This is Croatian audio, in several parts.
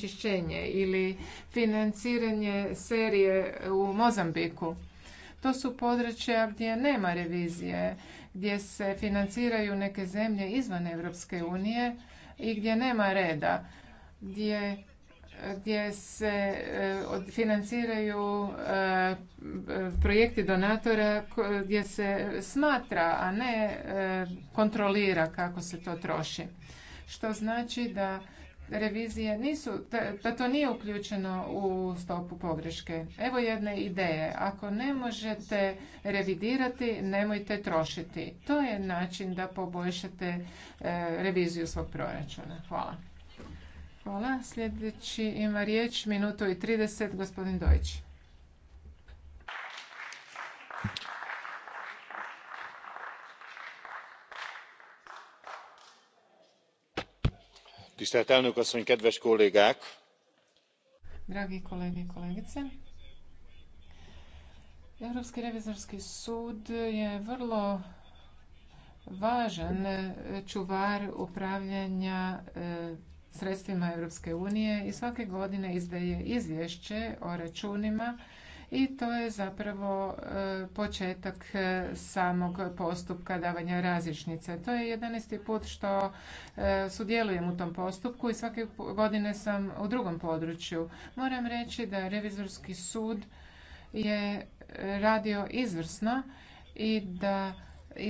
čišćenje ili financiranje serije u Mozambiku. To su područja gdje nema revizije, gdje se financiraju neke zemlje izvan Europske unije i gdje nema reda, gdje gdje se eh, financiraju eh, projekti donatora gdje se smatra, a ne eh, kontrolira kako se to troši. Što znači da revizije nisu, da to nije uključeno u stopu pogreške. Evo jedne ideje. Ako ne možete revidirati, nemojte trošiti. To je način da poboljšate e, reviziju svog proračuna. Hvala. Hvala. Sljedeći ima riječ minutu i 30, gospodin Dojić. tisztelt elnök asszony kedves kollégák! dragi kolege i kolegice europski revizorski sud je vrlo važan e, čuvar upravljanja e, sredstvima europske unije i svake godine izdaje izvješće o računima i to je zapravo e, početak e, samog postupka davanja različnice. To je 11. put što e, sudjelujem u tom postupku i svake godine sam u drugom području. Moram reći da revizorski sud je radio izvrsno i da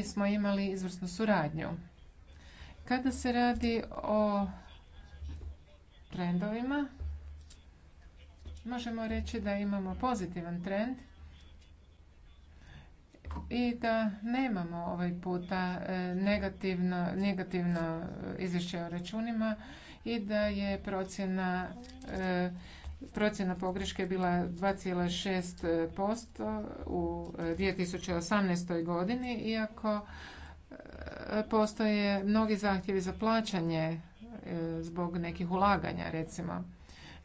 smo imali izvrsnu suradnju. Kada se radi o trendovima, možemo reći da imamo pozitivan trend i da nemamo ovaj puta e, negativno, negativno e, izvješće o računima i da je procjena e, procjena pogreške bila 2,6% u 2018. godini, iako postoje mnogi zahtjevi za plaćanje zbog nekih ulaganja, recimo.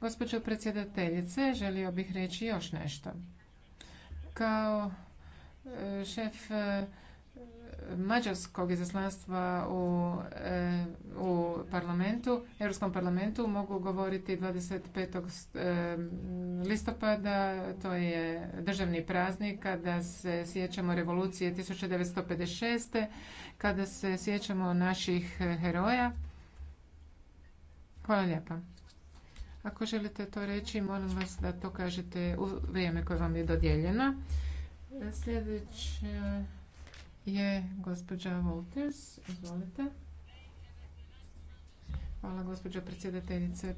Gospođo predsjedateljice, želio bih reći još nešto. Kao e, šef e, mađarskog izaslanstva u, e, u parlamentu, Europskom parlamentu mogu govoriti 25. listopada, to je državni praznik kada se sjećamo revolucije 1956. kada se sjećamo naših heroja. Hvala lijepa. Ako želite to reći, molim vas da to kažete u vrijeme koje vam je dodijeljeno. Sljedeća je gospođa Wolters. Izvolite. Hvala gospođo predsjedateljice. E,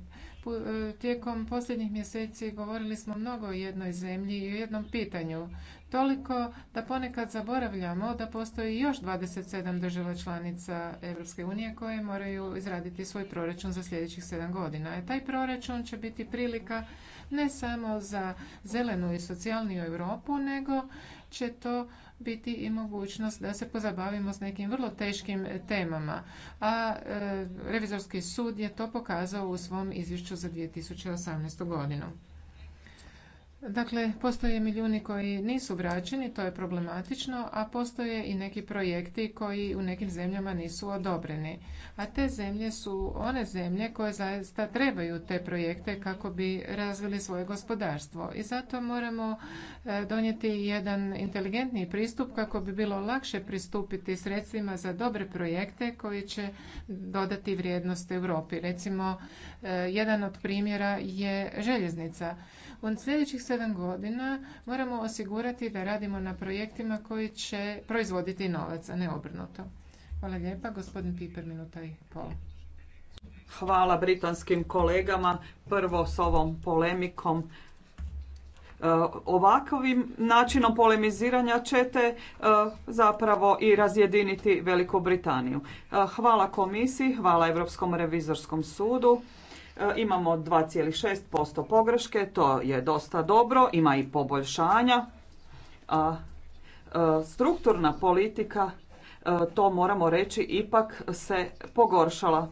tijekom posljednjih mjeseci govorili smo mnogo o jednoj zemlji i o jednom pitanju. Toliko da ponekad zaboravljamo da postoji još 27 država članica Europske unije koje moraju izraditi svoj proračun za sljedećih sedam godina. E, taj proračun će biti prilika ne samo za zelenu i socijalniju Europu, nego će to biti i mogućnost da se pozabavimo s nekim vrlo teškim temama. A e, revizorski sud je to pokazao u svom izvješću za 2018. godinu. Dakle, postoje milijuni koji nisu vraćeni, to je problematično, a postoje i neki projekti koji u nekim zemljama nisu odobreni. A te zemlje su one zemlje koje zaista trebaju te projekte kako bi razvili svoje gospodarstvo. I zato moramo e, donijeti jedan inteligentni pristup kako bi bilo lakše pristupiti sredstvima za dobre projekte koji će dodati vrijednost Europi. Recimo, e, jedan od primjera je željeznica. U sljedećih sedam godina moramo osigurati da radimo na projektima koji će proizvoditi novac, a ne obrnuto. Hvala lijepa. Gospodin Piper, minuta i pol. Hvala britanskim kolegama. Prvo s ovom polemikom e, ovakvim načinom polemiziranja ćete e, zapravo i razjediniti Veliku Britaniju. E, hvala komisiji, hvala Europskom revizorskom sudu. E, imamo 2,6% pogreške, to je dosta dobro, ima i poboljšanja. A e, e, strukturna politika, to moramo reći, ipak se pogoršala.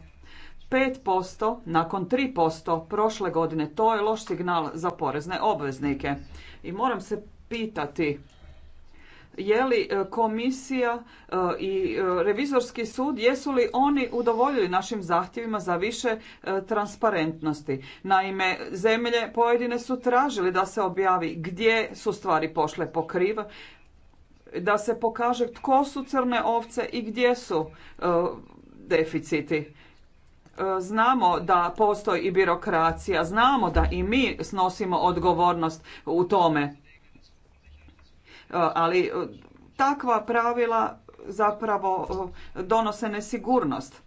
5% nakon 3% prošle godine, to je loš signal za porezne obveznike. I moram se pitati je li e, komisija e, i e, revizorski sud, jesu li oni udovoljili našim zahtjevima za više transparentnosti. Naime, zemlje pojedine su tražili da se objavi gdje su stvari pošle po da se pokaže tko su crne ovce i gdje su deficiti. Znamo da postoji i birokracija, znamo da i mi snosimo odgovornost u tome E, ali e, takva pravila zapravo e, donose nesigurnost.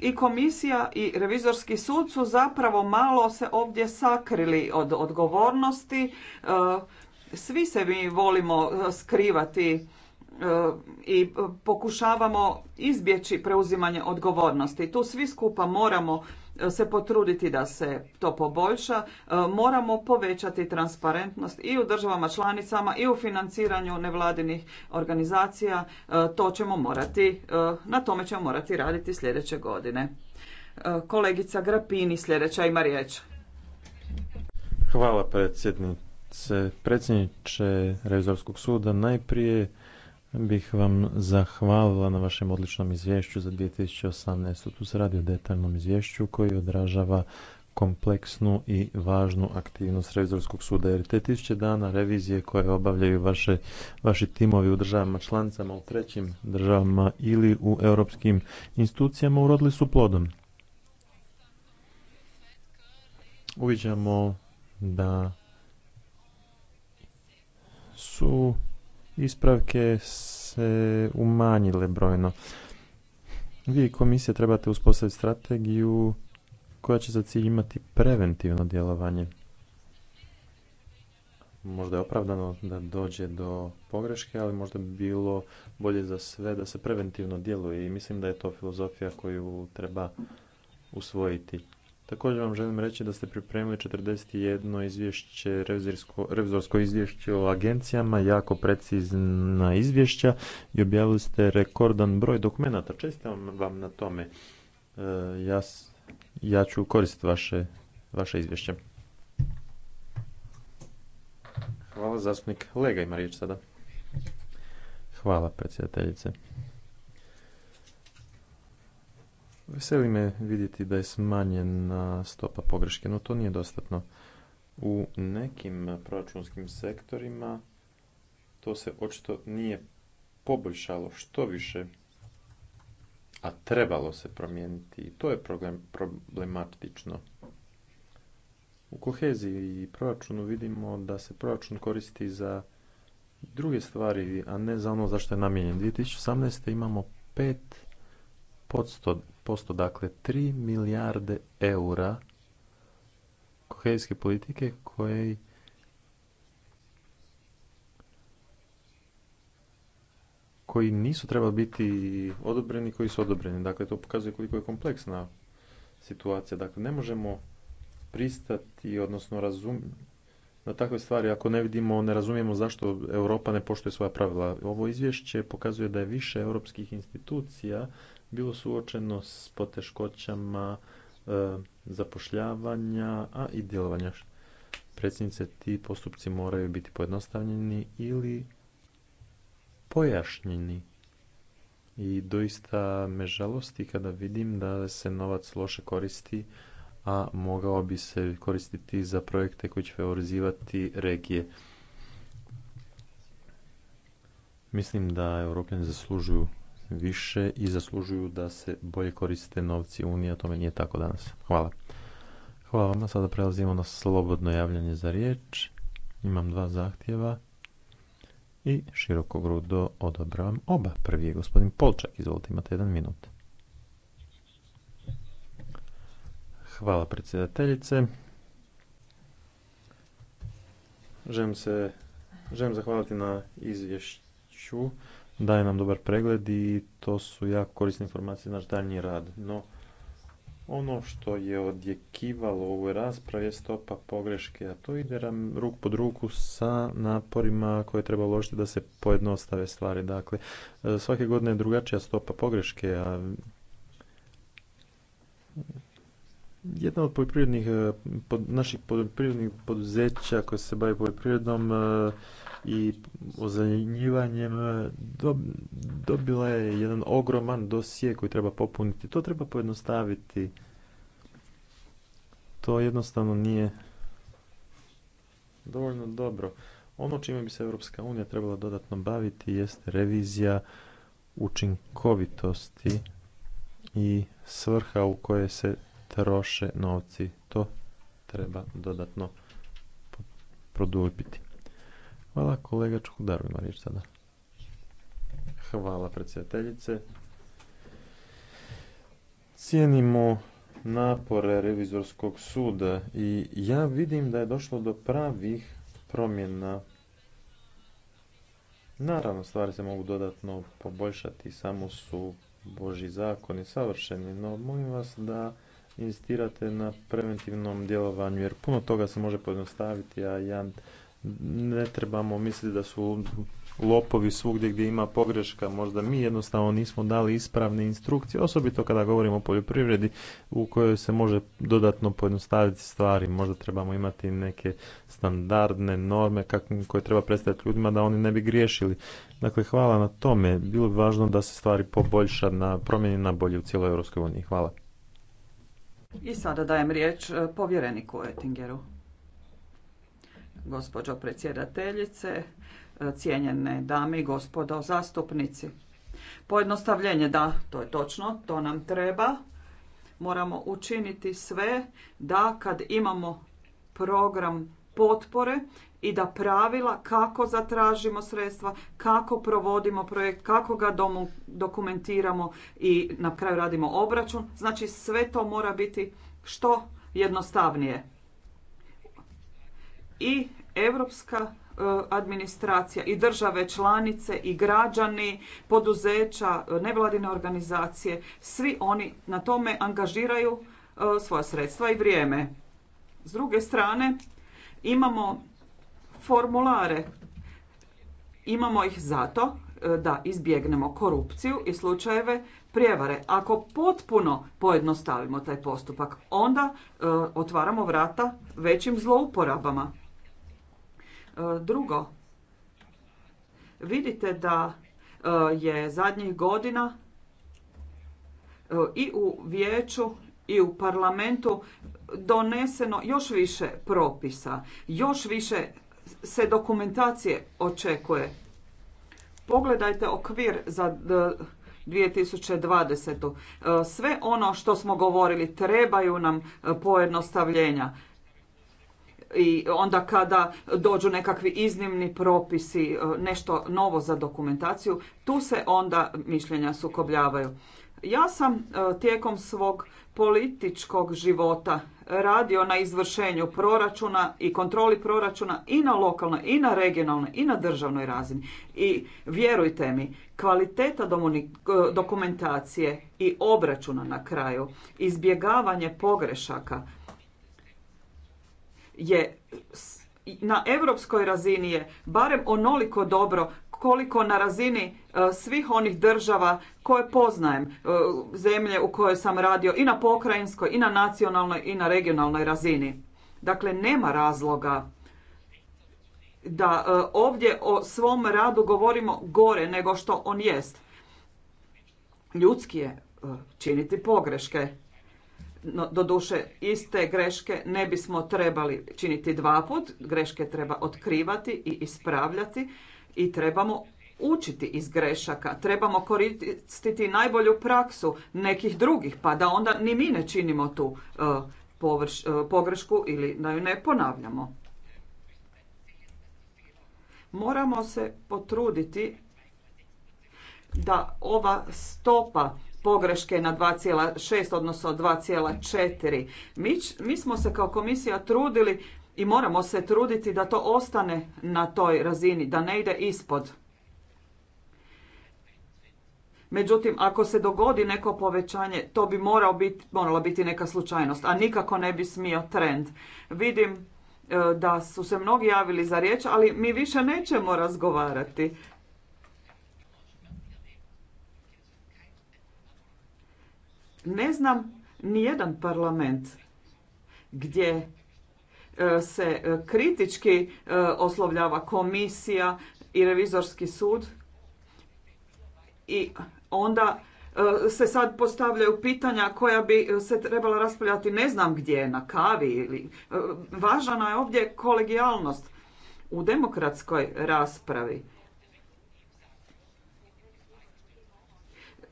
I komisija i revizorski sud su zapravo malo se ovdje sakrili od odgovornosti. Svi se mi volimo skrivati i pokušavamo izbjeći preuzimanje odgovornosti. Tu svi skupa moramo se potruditi da se to poboljša. E, moramo povećati transparentnost i u državama članicama i u financiranju nevladinih organizacija. E, to ćemo morati, e, na tome ćemo morati raditi sljedeće godine. Kolegica Grapini sljedeća ima riječ. Hvala predsjednice. Predsjedniče Revizorskog suda, najprije bih vam zahvalila na vašem odličnom izvješću za 2018. Tu se radi o detaljnom izvješću koji odražava kompleksnu i važnu aktivnost revizorskog suda jer te tisuće dana revizije koje obavljaju vaše, vaši timovi u državama članicama u trećim državama ili u europskim institucijama urodili su plodom. Uviđamo da su ispravke se umanjile brojno. Vi komisija trebate uspostaviti strategiju koja će za cilj imati preventivno djelovanje. Možda je opravdano da dođe do pogreške, ali možda bi bilo bolje za sve da se preventivno djeluje i mislim da je to filozofija koju treba usvojiti. Također vam želim reći da ste pripremili 41 izvješće, revizorsko, izvješće o agencijama, jako precizna izvješća i objavili ste rekordan broj dokumenata. Čestitam vam na tome. E, ja, ću koristiti vaše, vaše izvješće. Hvala, zastupnik Lega ima riječ sada. Hvala, predsjedateljice. Veseli me vidjeti da je smanjena stopa pogreške, no to nije dostatno. U nekim proračunskim sektorima to se očito nije poboljšalo što više, a trebalo se promijeniti i to je problematično. U koheziji i proračunu vidimo da se proračun koristi za druge stvari, a ne za ono za što je namijenjen. 2018. imamo 5% posto dakle 3 milijarde eura kohezijske politike koji nisu trebali biti odobreni koji su odobreni dakle to pokazuje koliko je kompleksna situacija dakle ne možemo pristati odnosno razum na takve stvari ako ne vidimo ne razumijemo zašto europa ne poštuje svoja pravila ovo izvješće pokazuje da je više europskih institucija bilo suočeno s poteškoćama e, zapošljavanja, a i djelovanja. Predsjednice, ti postupci moraju biti pojednostavljeni ili pojašnjeni. I doista me žalosti kada vidim da se novac loše koristi, a mogao bi se koristiti za projekte koji će favorizivati regije. Mislim da europljani zaslužuju više i zaslužuju da se bolje koriste novci Unije, a tome nije tako danas. Hvala. Hvala vama, sada prelazimo na slobodno javljanje za riječ. Imam dva zahtjeva i široko grudo odobravam oba. Prvi je gospodin Polčak, izvolite, imate jedan minut. Hvala predsjedateljice. Želim se, želim zahvaliti na izvješću daje nam dobar pregled i to su jako korisne informacije za naš daljnji rad. No, ono što je odjekivalo u ovoj raspravi je stopa pogreške, a to ide nam ruk pod ruku sa naporima koje treba uložiti da se pojednostave stvari. Dakle, svake godine je drugačija stopa pogreške, a jedna od eh, naših poljoprivrednih poduzeća koje se bavi poljoprivrednom eh, i ozelenjivanjem e, dobila je jedan ogroman dosije koji treba popuniti. To treba pojednostaviti. To jednostavno nije dovoljno dobro. Ono čime bi se Europska unija trebala dodatno baviti jeste revizija učinkovitosti i svrha u koje se troše novci. To treba dodatno produbiti. Hvala kolega Čukudaru ima riječ sada. Hvala predsjedateljice. Cijenimo napore revizorskog suda i ja vidim da je došlo do pravih promjena. Naravno, stvari se mogu dodatno poboljšati, samo su Boži zakoni savršeni, no molim vas da insistirate na preventivnom djelovanju, jer puno toga se može pojednostaviti, a ja ne trebamo misliti da su lopovi svugdje gdje ima pogreška. Možda mi jednostavno nismo dali ispravne instrukcije, osobito kada govorimo o poljoprivredi u kojoj se može dodatno pojednostaviti stvari. Možda trebamo imati neke standardne norme koje treba predstaviti ljudima da oni ne bi griješili. Dakle, hvala na tome. Bilo bi važno da se stvari poboljša na promjeni na bolje u cijeloj Europskoj uniji. Hvala. I sada dajem riječ eh, povjereniku Ettingeru gospođo predsjedateljice, cijenjene dame i gospodo zastupnici. Pojednostavljenje, da, to je točno, to nam treba. Moramo učiniti sve da kad imamo program potpore i da pravila kako zatražimo sredstva, kako provodimo projekt, kako ga domu, dokumentiramo i na kraju radimo obračun. Znači sve to mora biti što jednostavnije i europska e, administracija i države članice i građani, poduzeća, e, nevladine organizacije, svi oni na tome angažiraju e, svoja sredstva i vrijeme. S druge strane, imamo formulare. Imamo ih zato da izbjegnemo korupciju i slučajeve prijevare. Ako potpuno pojednostavimo taj postupak, onda otvaramo vrata većim zlouporabama. E, drugo, vidite da e, je zadnjih godina e, i u vijeću i u parlamentu doneseno još više propisa, još više se dokumentacije očekuje. Pogledajte okvir za 2020. Sve ono što smo govorili trebaju nam pojednostavljenja i onda kada dođu nekakvi iznimni propisi, e, nešto novo za dokumentaciju, tu se onda mišljenja sukobljavaju. Ja sam e, tijekom svog političkog života radio na izvršenju proračuna i kontroli proračuna i na lokalnoj, i na regionalnoj, i na državnoj razini. I vjerujte mi, kvaliteta e, dokumentacije i obračuna na kraju, izbjegavanje pogrešaka, je na europskoj razini je barem onoliko dobro koliko na razini e, svih onih država koje poznajem, e, zemlje u kojoj sam radio i na pokrajinskoj i na nacionalnoj i na regionalnoj razini. Dakle, nema razloga da e, ovdje o svom radu govorimo gore nego što on jest. Ljudski je činiti pogreške no, doduše iste greške ne bismo trebali činiti dva put, greške treba otkrivati i ispravljati i trebamo učiti iz grešaka, trebamo koristiti najbolju praksu nekih drugih pa da onda ni mi ne činimo tu e, e, pogrešku ili da ju ne ponavljamo. Moramo se potruditi da ova stopa pogreške na 2,6 odnosno 2,4. Mi, mi smo se kao komisija trudili i moramo se truditi da to ostane na toj razini, da ne ide ispod. Međutim, ako se dogodi neko povećanje, to bi morao biti, morala biti neka slučajnost, a nikako ne bi smio trend. Vidim e, da su se mnogi javili za riječ, ali mi više nećemo razgovarati. Ne znam nijedan parlament gdje e, se e, kritički e, oslovljava komisija i revizorski sud i onda se sad postavljaju pitanja koja bi se trebala raspravljati ne znam gdje, na kavi ili... Važana je ovdje kolegijalnost u demokratskoj raspravi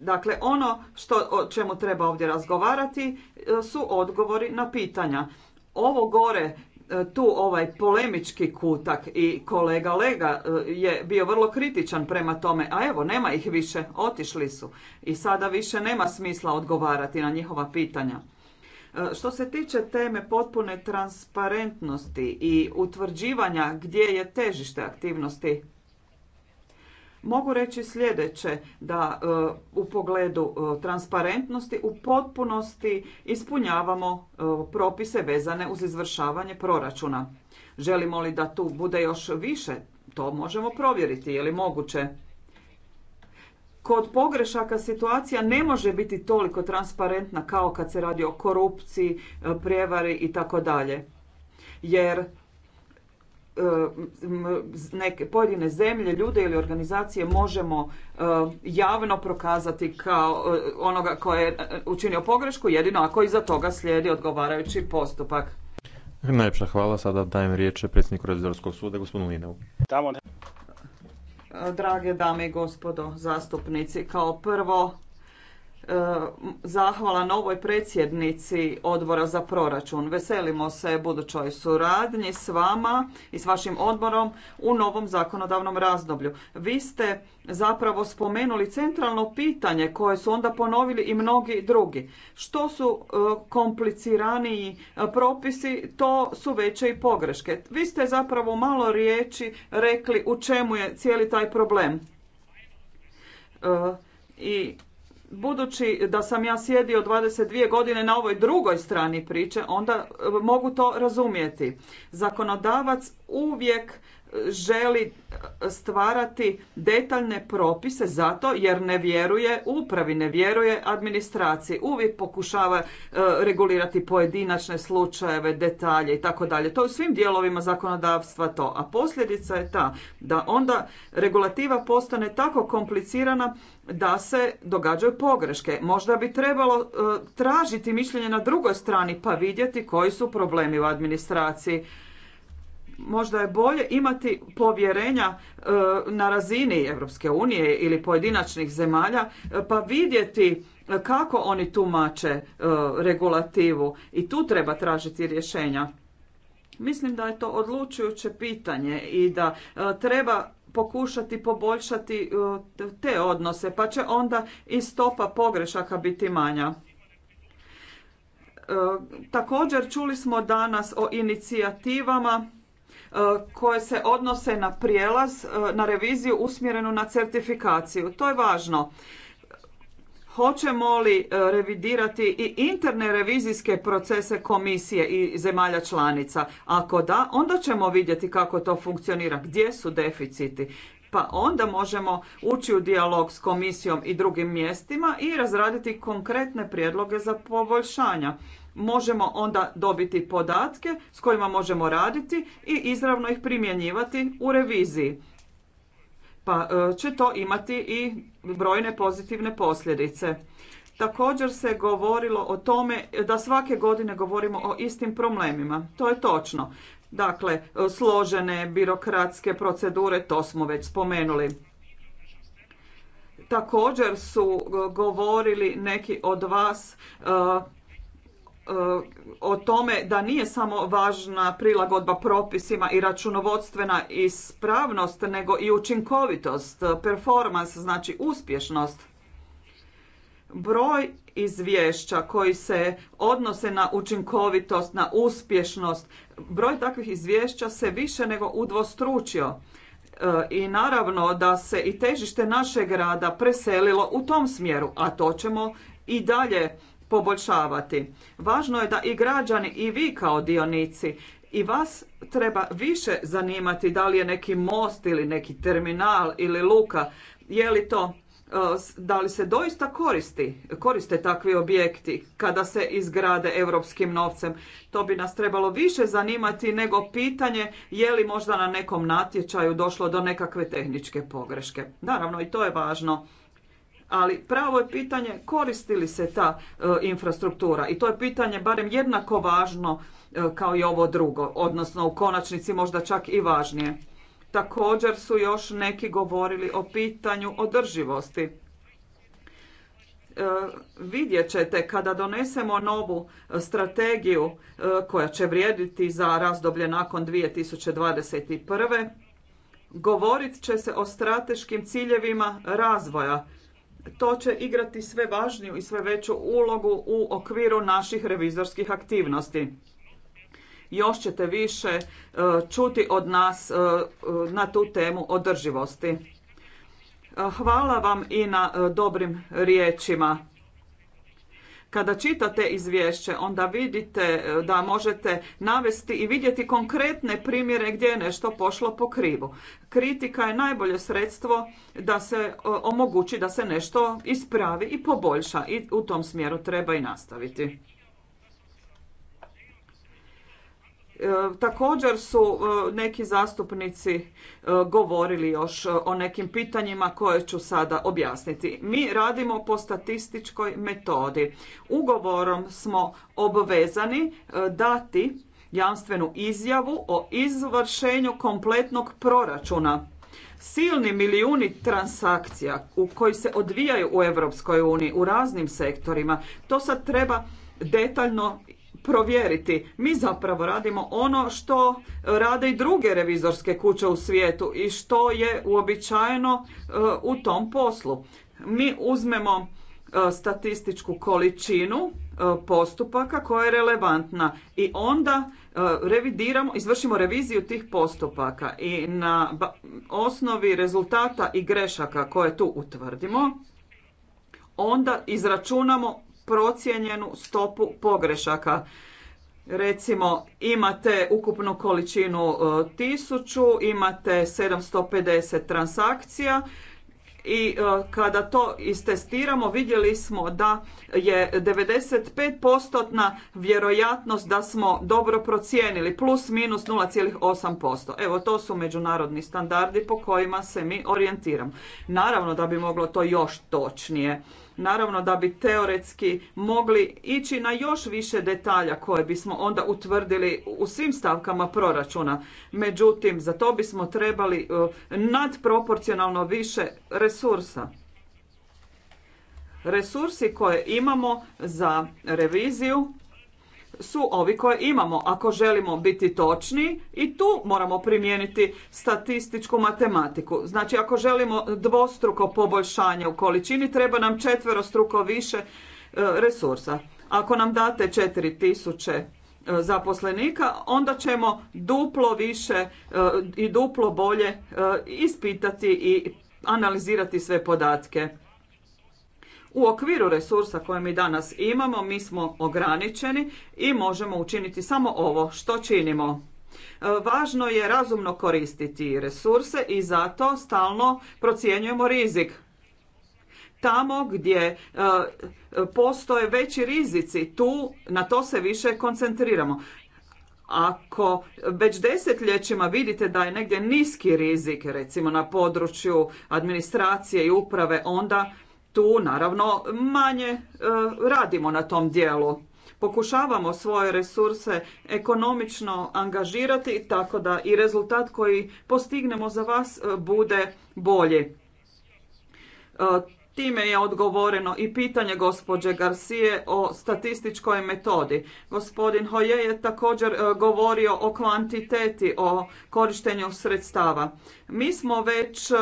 Dakle, ono što, o čemu treba ovdje razgovarati e, su odgovori na pitanja. Ovo gore e, tu ovaj polemički kutak i kolega Lega e, je bio vrlo kritičan prema tome, a evo nema ih više, otišli su i sada više nema smisla odgovarati na njihova pitanja. Što se tiče teme potpune transparentnosti i utvrđivanja gdje je težište aktivnosti Mogu reći sljedeće, da e, u pogledu e, transparentnosti u potpunosti ispunjavamo e, propise vezane uz izvršavanje proračuna. Želimo li da tu bude još više? To možemo provjeriti, je li moguće? Kod pogrešaka situacija ne može biti toliko transparentna kao kad se radi o korupciji, prijevari i tako dalje. Jer E, neke pojedine zemlje, ljude ili organizacije možemo e, javno prokazati kao e, onoga koje je učinio pogrešku, jedino ako iza toga slijedi odgovarajući postupak. Najljepša hvala, sada dajem riječ predsjedniku Revizorskog suda, gospodinu Linovu. Drage dame i gospodo zastupnici, kao prvo E, zahvala novoj predsjednici odbora za proračun. Veselimo se budućoj suradnji s vama i s vašim odborom u novom zakonodavnom razdoblju. Vi ste zapravo spomenuli centralno pitanje koje su onda ponovili i mnogi drugi. Što su e, kompliciraniji e, propisi, to su veće i pogreške. Vi ste zapravo malo riječi rekli u čemu je cijeli taj problem. I budući da sam ja sjedio 22 godine na ovoj drugoj strani priče, onda e, mogu to razumjeti. Zakonodavac uvijek želi stvarati detaljne propise zato jer ne vjeruje upravi, ne vjeruje administraciji. Uvijek pokušava e, regulirati pojedinačne slučajeve, detalje i tako dalje. To je u svim dijelovima zakonodavstva to. A posljedica je ta da onda regulativa postane tako komplicirana da se događaju pogreške. Možda bi trebalo e, tražiti mišljenje na drugoj strani pa vidjeti koji su problemi u administraciji možda je bolje imati povjerenja e, na razini Europske unije ili pojedinačnih zemalja e, pa vidjeti e, kako oni tumače regulativu i tu treba tražiti rješenja. Mislim da je to odlučujuće pitanje i da treba pokušati poboljšati te odnose, pa će onda i stopa pogrešaka biti manja. Također čuli smo danas o inicijativama E, koje se odnose na prijelaz, e, na reviziju usmjerenu na certifikaciju. To je važno. Hoćemo li e, revidirati i interne revizijske procese komisije i zemalja članica? Ako da, onda ćemo vidjeti kako to funkcionira, gdje su deficiti. Pa onda možemo ući u dijalog s komisijom i drugim mjestima i razraditi konkretne prijedloge za poboljšanja možemo onda dobiti podatke s kojima možemo raditi i izravno ih primjenjivati u reviziji. Pa e, će to imati i brojne pozitivne posljedice. Također se govorilo o tome da svake godine govorimo o istim problemima. To je točno. Dakle, e, složene birokratske procedure, to smo već spomenuli. Također su govorili neki od vas e, E, o tome da nije samo važna prilagodba propisima i računovodstvena ispravnost, nego i učinkovitost, performans, znači uspješnost. Broj izvješća koji se odnose na učinkovitost, na uspješnost, broj takvih izvješća se više nego udvostručio. E, I naravno da se i težište našeg rada preselilo u tom smjeru, a to ćemo i dalje poboljšavati. Važno je da i građani i vi kao dionici i vas treba više zanimati da li je neki most ili neki terminal ili luka, je li to e, da li se doista koristi, koriste takvi objekti kada se izgrade europskim novcem. To bi nas trebalo više zanimati nego pitanje je li možda na nekom natječaju došlo do nekakve tehničke pogreške. Naravno i to je važno ali pravo je pitanje koristi li se ta e, infrastruktura i to je pitanje barem jednako važno e, kao i ovo drugo, odnosno u konačnici možda čak i važnije. Također su još neki govorili o pitanju održivosti. E, vidjet ćete kada donesemo novu strategiju e, koja će vrijediti za razdoblje nakon 2021. Govorit će se o strateškim ciljevima razvoja to će igrati sve važniju i sve veću ulogu u okviru naših revizorskih aktivnosti. Još ćete više e, čuti od nas e, e, na tu temu održivosti. Hvala vam i na dobrim riječima kada čitate izvješće, onda vidite e, da možete navesti i vidjeti konkretne primjere gdje je nešto pošlo po krivu. Kritika je najbolje sredstvo da se e, omogući da se nešto ispravi i poboljša i u tom smjeru treba i nastaviti. E, također su e, neki zastupnici e, govorili još o nekim pitanjima koje ću sada objasniti. Mi radimo po statističkoj metodi. Ugovorom smo obvezani dati jamstvenu izjavu o izvršenju kompletnog proračuna. Silni milijuni transakcija u koji se odvijaju u Europskoj uniji u raznim sektorima, to sad treba detaljno provjeriti. Mi zapravo radimo ono što rade i druge revizorske kuće u svijetu i što je uobičajeno e, u tom poslu. Mi uzmemo e, statističku količinu e, postupaka koja je relevantna i onda revidiramo, izvršimo reviziju tih postupaka i na osnovi rezultata i grešaka koje tu utvrdimo onda izračunamo procijenjenu stopu pogrešaka. Recimo imate ukupnu količinu e, tisuću, imate 750 transakcija i e, kada to istestiramo vidjeli smo da je 95% vjerojatnost da smo dobro procijenili plus minus 0,8%. Evo to su međunarodni standardi po kojima se mi orijentiramo. Naravno da bi moglo to još točnije Naravno da bi teoretski mogli ići na još više detalja koje bismo onda utvrdili u svim stavkama proračuna. Međutim, za to bismo trebali e, nadproporcionalno više resursa. Resursi koje imamo za reviziju su ovi koje imamo. Ako želimo biti točni i tu moramo primijeniti statističku matematiku. Znači ako želimo dvostruko poboljšanje u količini treba nam četverostruko više e, resursa. Ako nam date 4000 e, zaposlenika, onda ćemo duplo više e, i duplo bolje ispitati i analizirati sve podatke. U okviru resursa koje mi danas imamo, mi smo ograničeni i možemo učiniti samo ovo što činimo. E, važno je razumno koristiti resurse i zato stalno procjenjujemo rizik. Tamo gdje e, postoje veći rizici, tu na to se više koncentriramo. Ako već desetljećima vidite da je negdje niski rizik, recimo na području administracije i uprave, onda tu naravno manje e, radimo na tom dijelu. Pokušavamo svoje resurse ekonomično angažirati tako da i rezultat koji postignemo za vas e, bude bolji. E, Time je odgovoreno i pitanje gospođe Garcije o statističkoj metodi. Gospodin Hoje je također e, govorio o kvantiteti, o korištenju sredstava. Mi smo već e,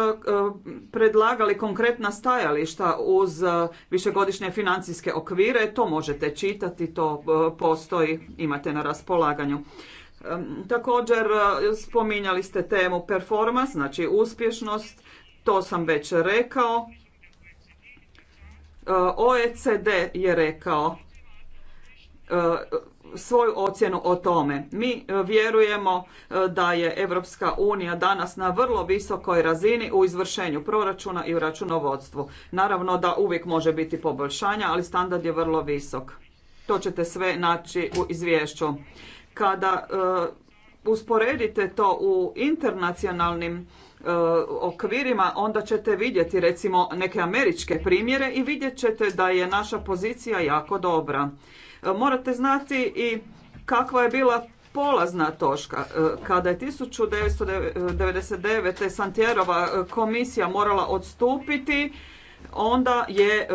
predlagali konkretna stajališta uz e, višegodišnje financijske okvire. To možete čitati, to postoji, imate na raspolaganju. Također spominjali ste temu performance, znači uspješnost, to sam već rekao. OECD je rekao e, svoju ocjenu o tome. Mi e, vjerujemo e, da je Europska unija danas na vrlo visokoj razini u izvršenju proračuna i u računovodstvu. Naravno da uvijek može biti poboljšanja, ali standard je vrlo visok. To ćete sve naći u izvješću. Kada usporedite to u internacionalnim E, okvirima, onda ćete vidjeti recimo neke američke primjere i vidjet ćete da je naša pozicija jako dobra. E, morate znati i kakva je bila polazna točka e, kada je 1999. Santjerova komisija morala odstupiti onda je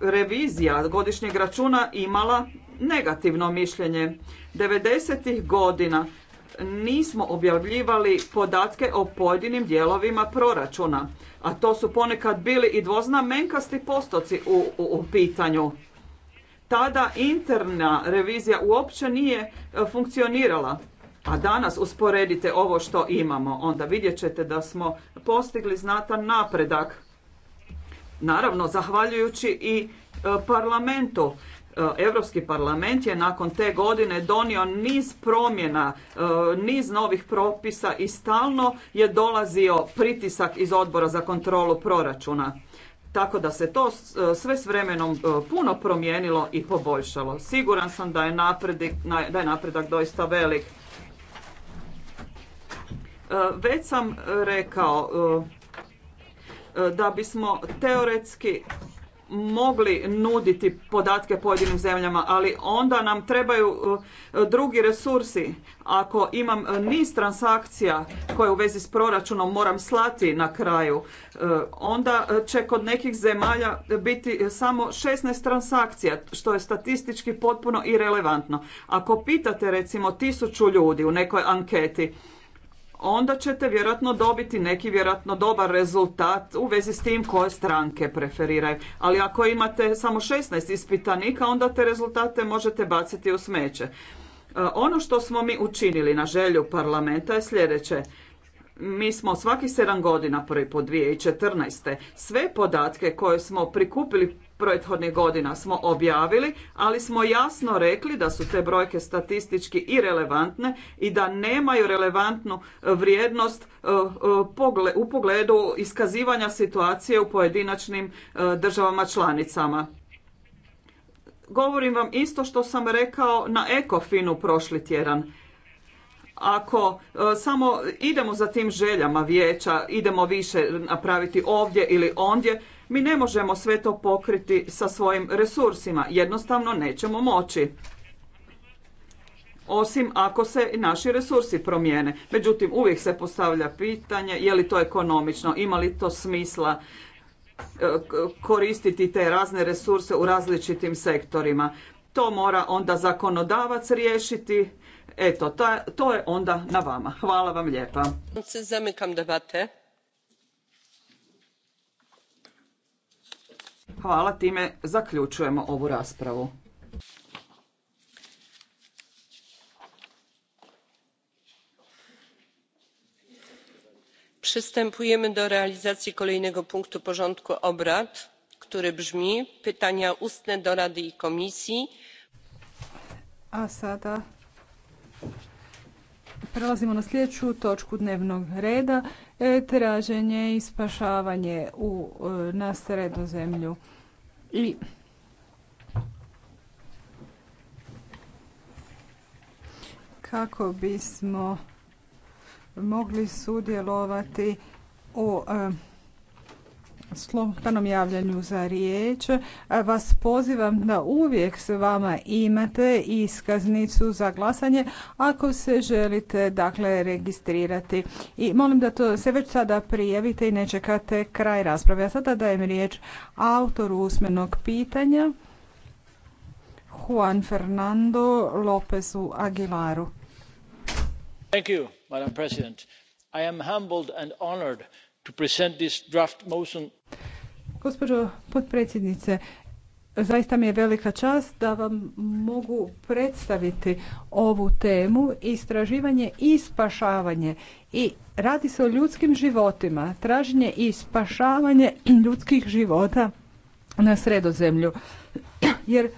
revizija godišnjeg računa imala negativno mišljenje. 90. godina nismo objavljivali podatke o pojedinim dijelovima proračuna, a to su ponekad bili i dvoznamenkasti postoci u, u, pitanju. Tada interna revizija uopće nije e, funkcionirala. A danas usporedite ovo što imamo, onda vidjet ćete da smo postigli znatan napredak. Naravno, zahvaljujući i e, parlamentu. E, Europski parlament je nakon te godine donio niz promjena, e, niz novih propisa i stalno je dolazio pritisak iz odbora za kontrolu proračuna. Tako da se to e, sve s vremenom puno promijenilo i poboljšalo. Siguran sam da je, da je napredak doista velik. Već sam rekao da bismo teoretski mogli nuditi podatke pojedinim zemljama, ali onda nam trebaju e, drugi resursi. Ako imam e, niz transakcija koje u vezi s proračunom moram slati na kraju, e, onda će kod nekih zemalja biti samo 16 transakcija, što je statistički potpuno irelevantno. Ako pitate recimo tisuću ljudi u nekoj anketi, onda ćete vjerojatno dobiti neki vjerojatno dobar rezultat u vezi s tim koje stranke preferiraju. Ali ako imate samo 16 ispitanika, onda te rezultate možete baciti u smeće. E, ono što smo mi učinili na želju parlamenta je sljedeće. Mi smo svaki 7 godina, prvi po 2014. sve podatke koje smo prikupili prethodnih godina smo objavili, ali smo jasno rekli da su te brojke statistički irelevantne i da nemaju relevantnu e, vrijednost e, e, u pogledu iskazivanja situacije u pojedinačnim državama članicama. Govorim vam isto što sam rekao na Ekofinu prošli tjedan ako samo idemo za tim željama vijeća, idemo više napraviti ovdje ili ondje, mi ne možemo sve to pokriti sa svojim resursima, jednostavno nećemo moći osim ako se naši resursi promijene. Međutim, uvijek se postavlja pitanje je li to ekonomično, ima li to smisla e, koristiti te razne resurse u različitim sektorima. To mora onda zakonodavac riješiti. Eto, to je onda na vama. Hvala vam lijepa. Zamekam debate. Hvala, time zaključujemo ovu raspravu. Przystępujemy do realizacji kolejnego punktu porządku obrad, który brzmi pytania ustne do Rady i Komisji. A Prelazimo na sljedeću točku dnevnog reda, e, traženje i spašavanje u, e, na zemlju. I kako bismo mogli sudjelovati u e, slobodnom javljanju za riječ vas pozivam da uvijek s vama imate iskaznicu za glasanje ako se želite dakle registrirati i molim da to se već sada prijavite i ne čekate kraj rasprave. A sada dajem riječ autoru usmenog pitanja Juan Fernando Lopezu Aguilaru. Thank you, Madam President. I am humbled and honored Gospođo potpredsjednice, zaista mi je velika čast da vam mogu predstaviti ovu temu istraživanje i spašavanje i radi se o ljudskim životima, traženje i spašavanje ljudskih života na sredozemlju. Jer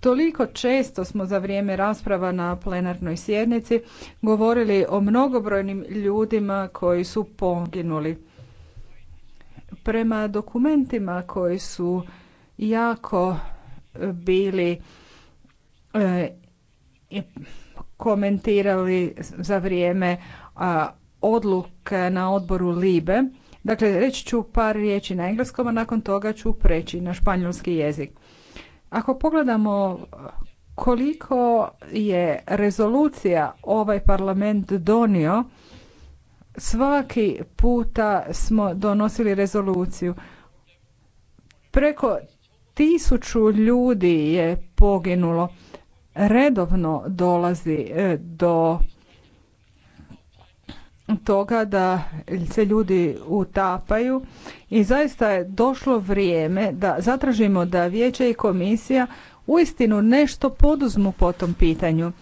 toliko često smo za vrijeme rasprava na plenarnoj sjednici govorili o mnogobrojnim ljudima koji su poginuli. Prema dokumentima koji su jako bili e, komentirali za vrijeme a, odluke na odboru Libe. Dakle, reći ću par riječi na engleskom, a nakon toga ću preći na španjolski jezik. Ako pogledamo koliko je rezolucija ovaj parlament donio Svaki puta smo donosili rezoluciju. Preko tisuću ljudi je poginulo. Redovno dolazi e, do toga da se ljudi utapaju i zaista je došlo vrijeme da zatražimo da vijeće i komisija uistinu nešto poduzmu po tom pitanju.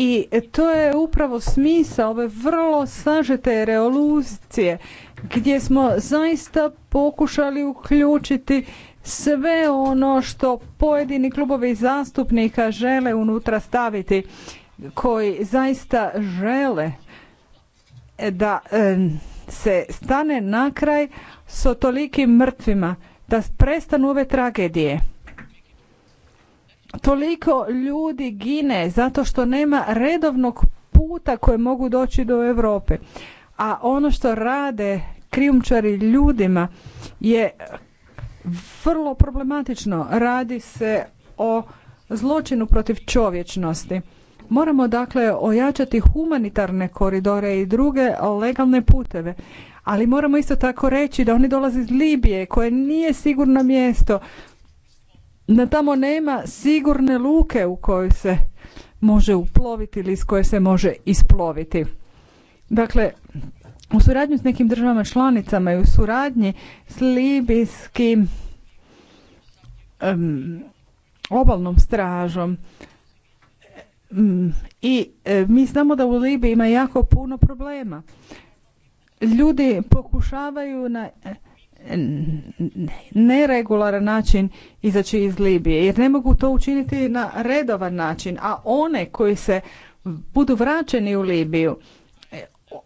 I to je upravo smisao ove vrlo sažete revolucije gdje smo zaista pokušali uključiti sve ono što pojedini klubovi zastupnika žele unutra staviti koji zaista žele e, da e, se stane na kraj s tolikim mrtvima da prestanu ove tragedije toliko ljudi gine zato što nema redovnog puta koje mogu doći do Europe. A ono što rade krijumčari ljudima je vrlo problematično. Radi se o zločinu protiv čovječnosti. Moramo dakle ojačati humanitarne koridore i druge legalne puteve. Ali moramo isto tako reći da oni dolaze iz Libije koje nije sigurno mjesto da tamo nema sigurne luke u kojoj se može uploviti ili iz koje se može isploviti. Dakle, u suradnju s nekim državama članicama i u suradnji s libijskim obalnom stražom i e, mi znamo da u Libiji ima jako puno problema. Ljudi pokušavaju na neregularan način izaći iz Libije jer ne mogu to učiniti na redovan način, a one koji se budu vraćeni u Libiju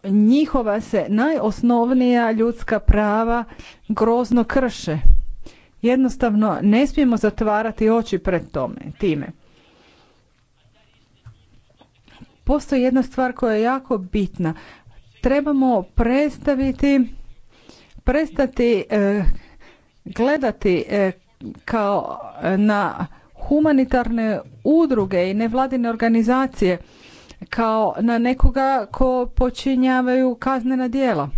njihova se najosnovnija ljudska prava grozno krše. Jednostavno ne smijemo zatvarati oči pred tome, time. Postoji jedna stvar koja je jako bitna. Trebamo predstaviti prestati e, gledati e, kao na humanitarne udruge i nevladine organizacije kao na nekoga ko počinjavaju kaznena djela.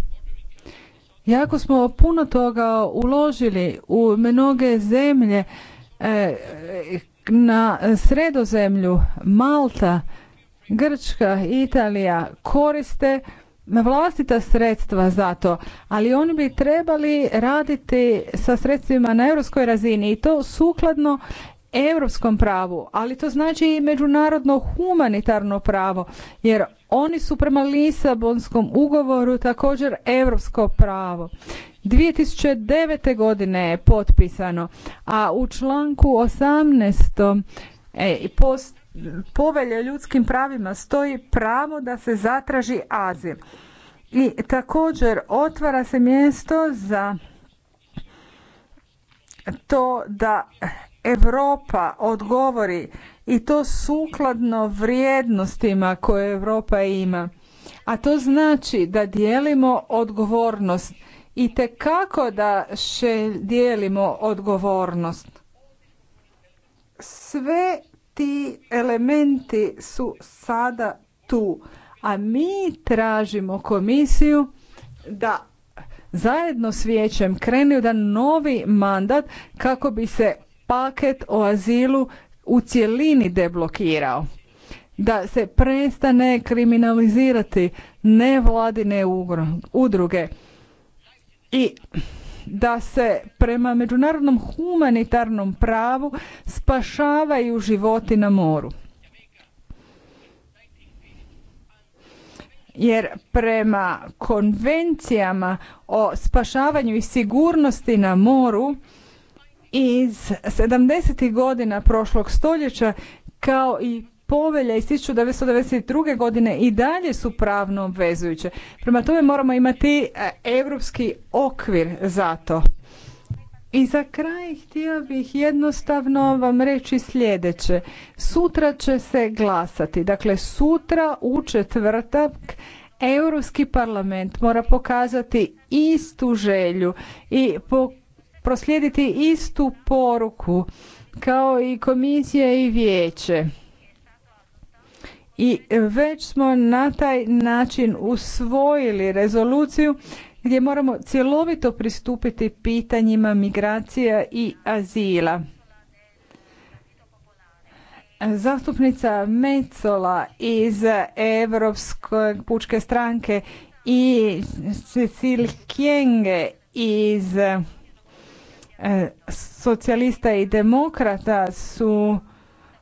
Jako smo puno toga uložili u mnoge zemlje e, na sredozemlju, Malta, Grčka, Italija koriste vlastita sredstva za to, ali oni bi trebali raditi sa sredstvima na europskoj razini i to sukladno europskom pravu, ali to znači i međunarodno humanitarno pravo, jer oni su prema Lisabonskom ugovoru također europsko pravo. 2009. godine je potpisano, a u članku 18. E, post povelje ljudskim pravima stoji pravo da se zatraži azil. I također otvara se mjesto za to da Europa odgovori i to sukladno vrijednostima koje Europa ima. A to znači da dijelimo odgovornost i te kako da še dijelimo odgovornost. Sve ti elementi su sada tu, a mi tražimo komisiju da zajedno s vijećem krene jedan novi mandat kako bi se paket o azilu u cjelini deblokirao da se prestane kriminalizirati nevladine udruge i da se prema međunarodnom humanitarnom pravu spašavaju životi na moru. jer prema konvencijama o spašavanju i sigurnosti na moru iz 70. godina prošlog stoljeća kao i povelja iz 1992. godine i dalje su pravno obvezujuće. Prema tome moramo imati europski okvir za to. I za kraj htio bih jednostavno vam reći sljedeće. Sutra će se glasati. Dakle, sutra u četvrtak Europski parlament mora pokazati istu želju i po proslijediti istu poruku kao i komisija i vijeće i već smo na taj način usvojili rezoluciju gdje moramo cjelovito pristupiti pitanjima migracija i azila. Zastupnica Mecola iz Europske pučke stranke i Cecil Kjenge iz e, socijalista i demokrata su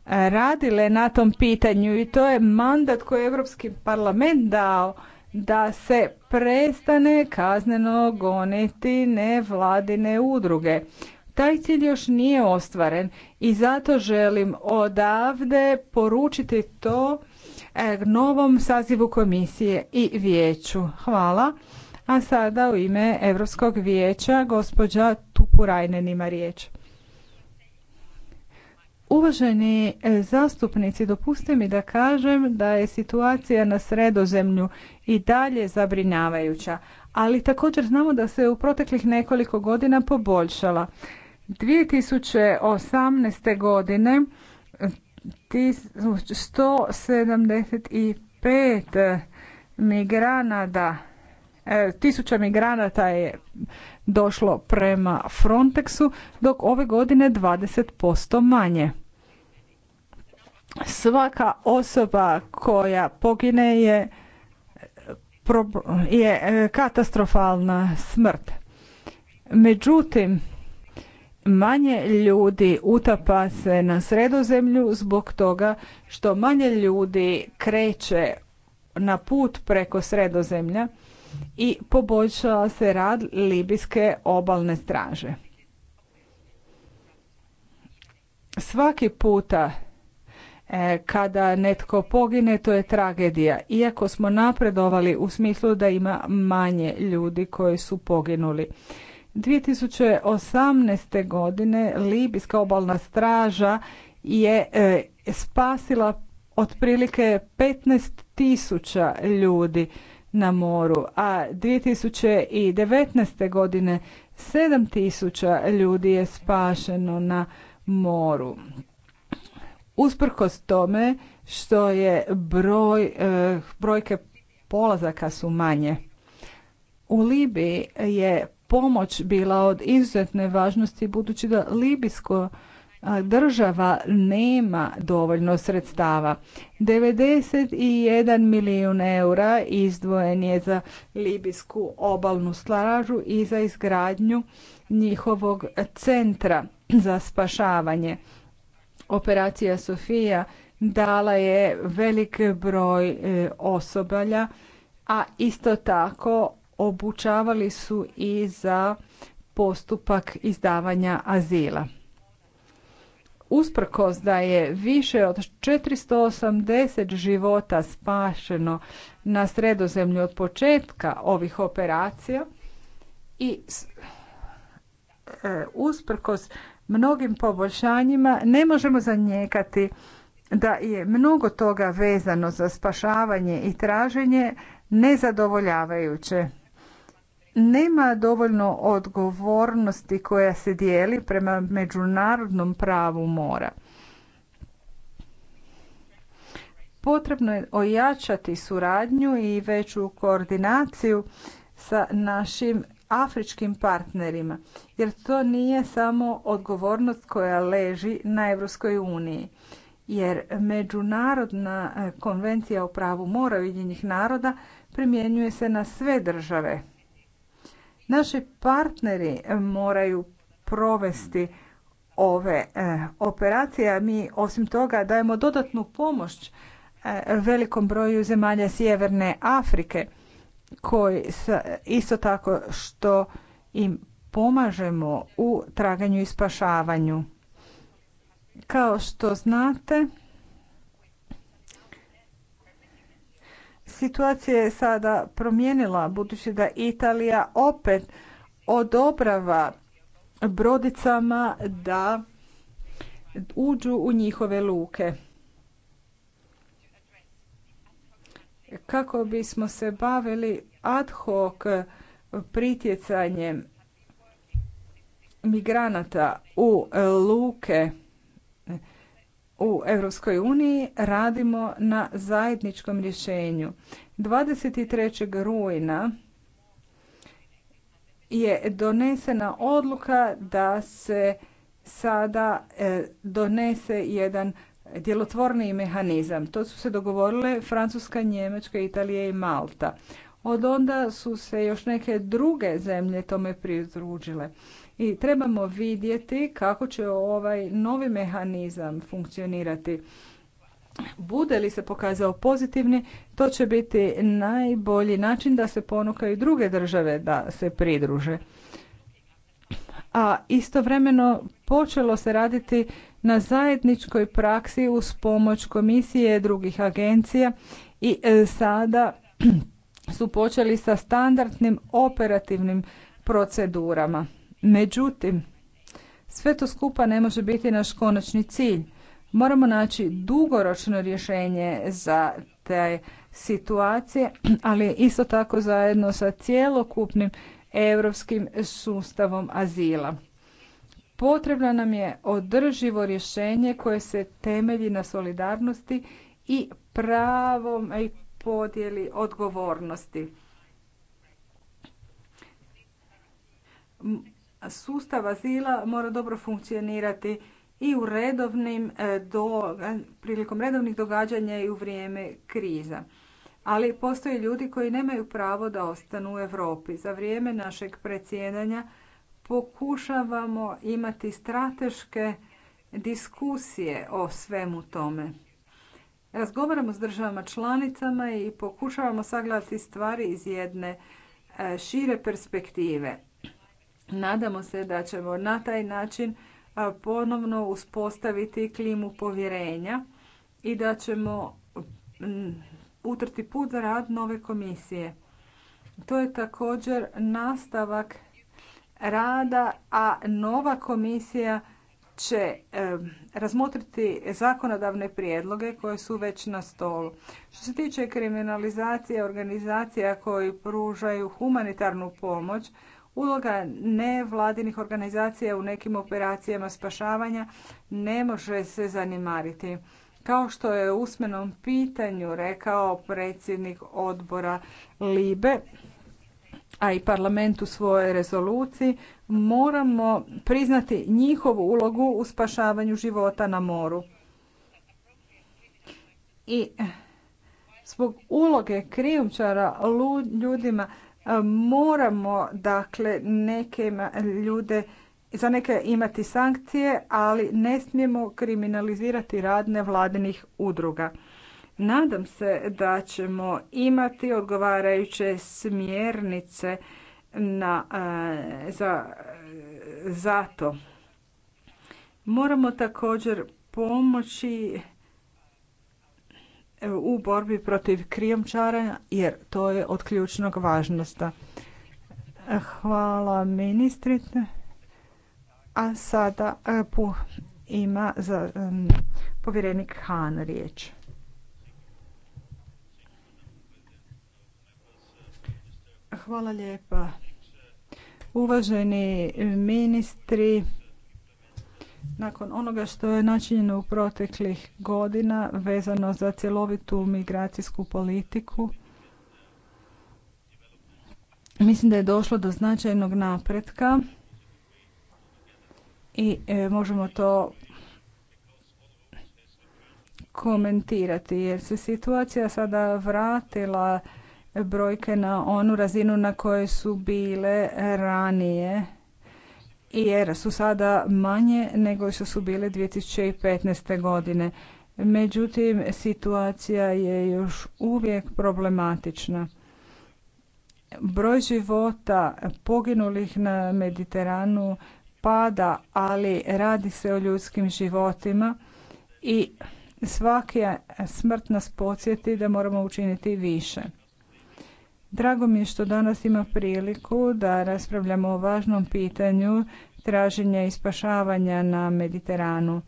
radile na tom pitanju i to je mandat koji je Europski parlament dao da se prestane kazneno goniti nevladine udruge. Taj cilj još nije ostvaren i zato želim odavde poručiti to e, novom sazivu komisije i vijeću. Hvala. A sada u ime Europskog vijeća gospođa Tupurajnen ima riječ. Uvaženi e, zastupnici, dopuste mi da kažem da je situacija na sredozemlju i dalje zabrinjavajuća, ali također znamo da se u proteklih nekoliko godina poboljšala. 2018. godine 175 migranada e, tisuća migranata je došlo prema Frontexu, dok ove godine 20% manje svaka osoba koja pogine je je e, katastrofalna smrt. Međutim, manje ljudi utapa se na sredozemlju zbog toga što manje ljudi kreće na put preko sredozemlja i poboljšava se rad libijske obalne straže. Svaki puta E, kada netko pogine, to je tragedija. Iako smo napredovali u smislu da ima manje ljudi koji su poginuli. 2018. godine Libijska obalna straža je e, spasila otprilike 15.000 ljudi na moru, a 2019. godine 7.000 ljudi je spašeno na moru usprkos tome što je broj, e, brojke polazaka su manje. U Libiji je pomoć bila od izuzetne važnosti budući da libijsko e, država nema dovoljno sredstava. 91 milijun eura izdvojen je za libijsku obalnu stražu i za izgradnju njihovog centra za spašavanje. Operacija Sofija dala je velik broj e, osobalja, a isto tako obučavali su i za postupak izdavanja azila. Usprkos da je više od 480 života spašeno na sredozemlju od početka ovih operacija i e, usprkos mnogim poboljšanjima ne možemo zanijekati da je mnogo toga vezano za spašavanje i traženje nezadovoljavajuće. Nema dovoljno odgovornosti koja se dijeli prema međunarodnom pravu mora. Potrebno je ojačati suradnju i veću koordinaciju sa našim afričkim partnerima jer to nije samo odgovornost koja leži na Europskoj uniji jer međunarodna e, konvencija o pravu mora Ujedinjenih naroda primjenjuje se na sve države. Naši partneri moraju provesti ove e, operacije, a mi osim toga dajemo dodatnu pomoć e, velikom broju zemalja Sjeverne Afrike koji isto tako što im pomažemo u traganju i spašavanju. Kao što znate, situacija je sada promijenila budući da Italija opet odobrava brodicama da uđu u njihove luke. kako bismo se bavili ad hoc pritjecanjem migranata u luke u Europskoj uniji radimo na zajedničkom rješenju. 23. rujna je donesena odluka da se sada eh, donese jedan djelotvorni mehanizam. To su se dogovorile Francuska, Njemačka, Italija i Malta. Od onda su se još neke druge zemlje tome pridružile. I trebamo vidjeti kako će ovaj novi mehanizam funkcionirati. Bude li se pokazao pozitivni, to će biti najbolji način da se ponukaju druge države da se pridruže. A istovremeno počelo se raditi na zajedničkoj praksi uz pomoć komisije drugih agencija i e, sada su počeli sa standardnim operativnim procedurama. Međutim, sve to skupa ne može biti naš konačni cilj. Moramo naći dugoročno rješenje za te situacije, ali isto tako zajedno sa cjelokupnim europskim sustavom azila. Potrebno nam je održivo rješenje koje se temelji na solidarnosti i pravom i podjeli odgovornosti. Sustav azila mora dobro funkcionirati i u redovnim e, do, prilikom redovnih događanja i u vrijeme kriza. Ali postoje ljudi koji nemaju pravo da ostanu u Europi. Za vrijeme našeg predsjedanja pokušavamo imati strateške diskusije o svemu tome. Razgovaramo s državama članicama i pokušavamo sagledati stvari iz jedne e, šire perspektive. Nadamo se da ćemo na taj način e, ponovno uspostaviti klimu povjerenja i da ćemo utrti put za rad nove komisije. To je također nastavak rada, a nova komisija će razmotriti zakonodavne prijedloge koje su već na stolu. Što se tiče kriminalizacije organizacija koji pružaju humanitarnu pomoć, uloga nevladinih organizacija u nekim operacijama spašavanja ne može se zanimariti. Kao što je u usmenom pitanju rekao predsjednik odbora Libe, a i parlament u svojoj rezoluciji, moramo priznati njihovu ulogu u spašavanju života na moru. I eh, zbog uloge krijumčara ljudima eh, moramo dakle neke ljude za neke imati sankcije, ali ne smijemo kriminalizirati rad nevladinih udruga. Nadam se da ćemo imati odgovarajuće smjernice na, e, e, za, to. Moramo također pomoći e, u borbi protiv krijomčaranja, jer to je od ključnog važnosti. Hvala ministrice. A sada ima za povjerenik Han riječ. Hvala lijepa. Uvaženi ministri, nakon onoga što je načinjeno u proteklih godina vezano za cjelovitu migracijsku politiku, mislim da je došlo do značajnog napretka i e, možemo to komentirati jer se situacija sada vratila brojke na onu razinu na kojoj su bile ranije jer su sada manje nego što su bile 2015. godine. Međutim, situacija je još uvijek problematična. Broj života poginulih na Mediteranu pada, ali radi se o ljudskim životima i svaki smrt nas podsjeti da moramo učiniti više. Drago mi je što danas ima priliku da raspravljamo o važnom pitanju traženja i spašavanja na Mediteranu.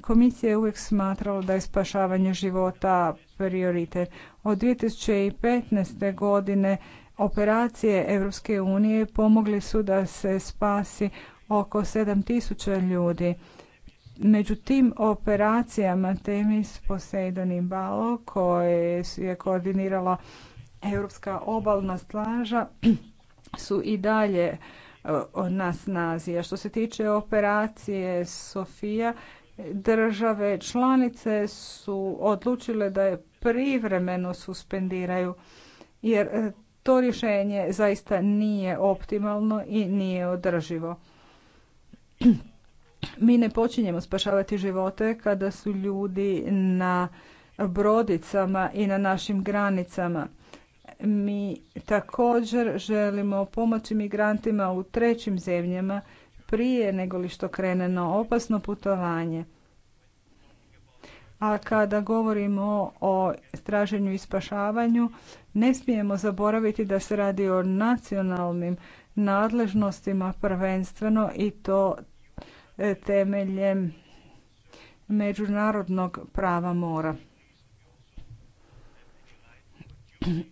Komisija je uvijek smatrala da je spašavanje života prioritet. Od 2015. godine operacije Europske unije pomogli su da se spasi oko 7000 ljudi. Među tim operacijama Temis, Poseidon i Balo koje je koordinirala Europska obalna slaža su i dalje e, na snazi. A što se tiče operacije Sofija, države članice su odlučile da je privremeno suspendiraju jer e, to rješenje zaista nije optimalno i nije održivo. Mi ne počinjemo spašavati živote kada su ljudi na brodicama i na našim granicama. Mi također želimo pomoći migrantima u trećim zemljama prije nego li što krene na opasno putovanje. A kada govorimo o straženju i spašavanju, ne smijemo zaboraviti da se radi o nacionalnim nadležnostima prvenstveno i to e, temeljem međunarodnog prava mora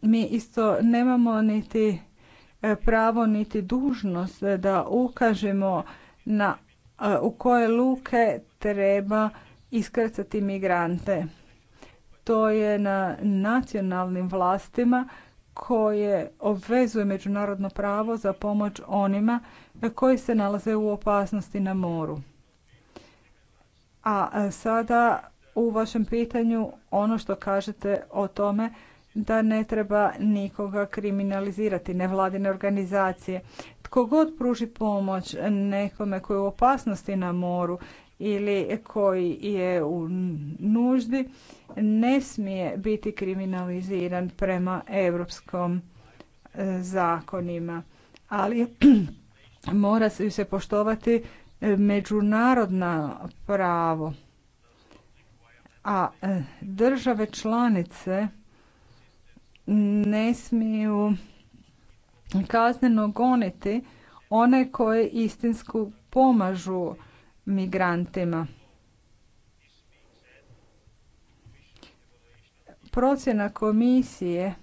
mi isto nemamo niti e, pravo niti dužnost da ukažemo na e, u koje luke treba iskrcati migrante. To je na nacionalnim vlastima koje obvezuje međunarodno pravo za pomoć onima koji se nalaze u opasnosti na moru. A e, sada u vašem pitanju ono što kažete o tome da ne treba nikoga kriminalizirati, nevladine organizacije. Tko god pruži pomoć nekome koji je u opasnosti na moru ili koji je u nuždi, ne smije biti kriminaliziran prema europskom e, zakonima. Ali mora se poštovati e, međunarodna pravo. A e, države članice ne smiju kazneno goniti one koje istinsku pomažu migrantima. Procjena komisije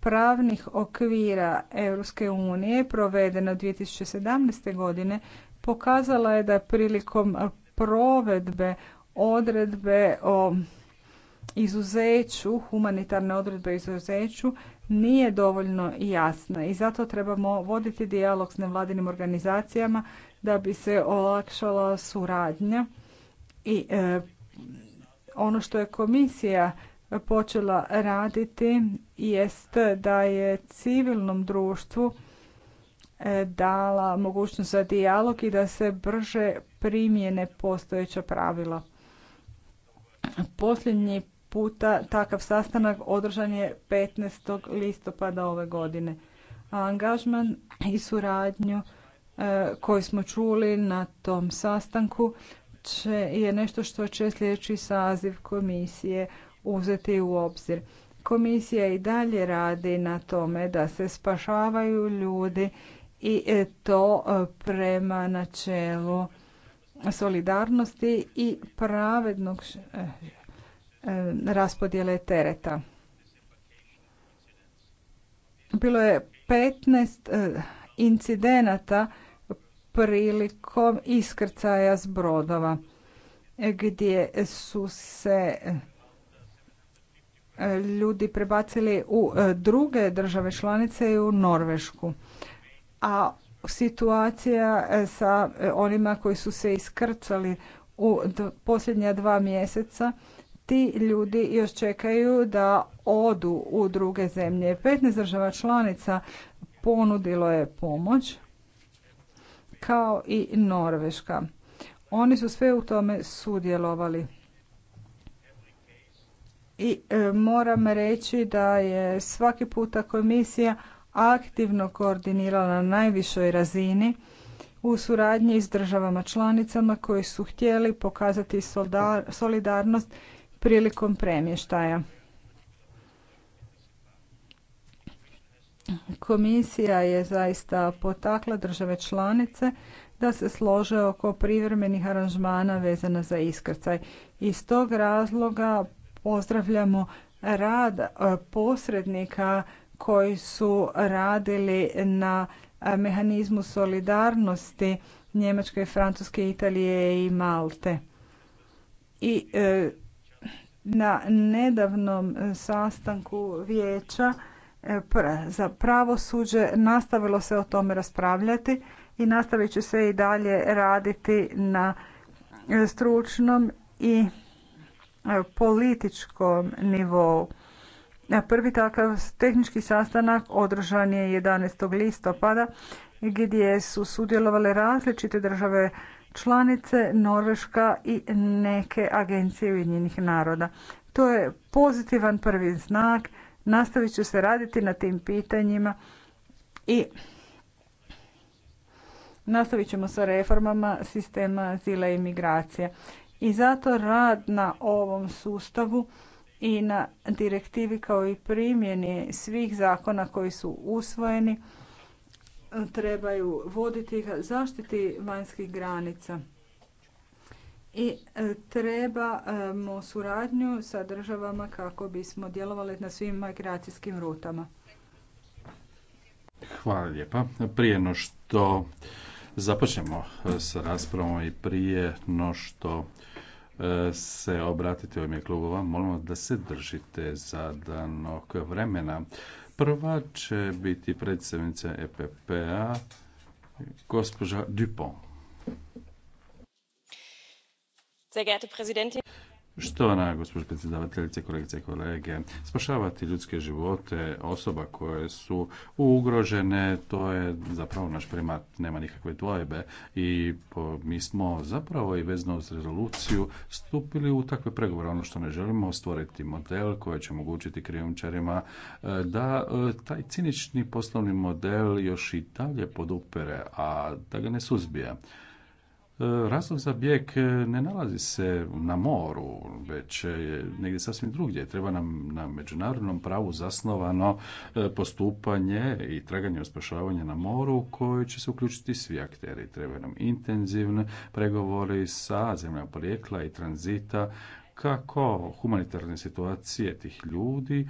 pravnih okvira Europske unije provedena 2017. godine pokazala je da prilikom provedbe odredbe o izuzeću, humanitarne odredbe izuzeću nije dovoljno jasna i zato trebamo voditi dijalog s nevladinim organizacijama da bi se olakšala suradnja i e, ono što je komisija počela raditi jest da je civilnom društvu e, dala mogućnost za dijalog i da se brže primjene postojeća pravila. Posljednji puta takav sastanak održan je 15. listopada ove godine. angažman i suradnju e, koju smo čuli na tom sastanku će, je nešto što će sljedeći saziv komisije uzeti u obzir. Komisija i dalje radi na tome da se spašavaju ljudi i e, to e, prema načelu solidarnosti i pravednog E, raspodjele tereta. Bilo je 15 e, incidenata prilikom iskrcaja s brodova gdje su se e, ljudi prebacili u druge države članice i u Norvešku. A situacija sa onima koji su se iskrcali u posljednja dva mjeseca ti ljudi još čekaju da odu u druge zemlje. 15 država članica ponudilo je pomoć kao i Norveška. Oni su sve u tome sudjelovali. I e, moram reći da je svaki puta komisija aktivno koordinirala na najvišoj razini u suradnji s državama članicama koji su htjeli pokazati solidarnost prilikom premještaja. Komisija je zaista potakla države članice da se slože oko privremenih aranžmana vezana za iskrcaj. Iz tog razloga pozdravljamo rad e, posrednika koji su radili na e, mehanizmu solidarnosti Njemačke, Francuske, Italije i Malte. I e, na nedavnom e, sastanku vijeća e, za pravosuđe nastavilo se o tome raspravljati i nastavit će se i dalje raditi na e, stručnom i političkom nivou. Prvi takav tehnički sastanak održan je 11. listopada gdje su sudjelovale različite države članice, Norveška i neke agencije Ujedinjenih naroda. To je pozitivan prvi znak. Nastavit ću se raditi na tim pitanjima i nastavit ćemo sa reformama sistema zile i migracije. I zato rad na ovom sustavu i na direktivi kao i primjeni svih zakona koji su usvojeni trebaju voditi zaštiti vanjskih granica. I e, trebamo e, suradnju sa državama kako bismo djelovali na svim migracijskim rutama. Hvala lijepa. Prije no što započnemo e, s raspravom i prije no što se obratite u ime klubova, molimo da se držite zadanog vremena. Prva će biti predstavnica EPP-a, gospođa Dupont. Štovana gospođo predsjedavateljice, kolegice i kolege, spašavati ljudske živote osoba koje su ugrožene, to je zapravo naš primat, nema nikakve dvojbe i mi smo zapravo i vezno uz rezoluciju stupili u takve pregovore. Ono što ne želimo stvoriti model koji će omogućiti krijumčarima e, da e, taj cinični poslovni model još i dalje podupere, a da ga ne suzbija. Razlog za bijeg e, ne nalazi se na moru, već e, je negdje sasvim drugdje. Treba nam na međunarodnom pravu zasnovano e, postupanje i traganje i na moru koji će se uključiti svi akteri. Treba nam intenzivne pregovori sa zemljama porijekla i tranzita kako humanitarne situacije tih ljudi e,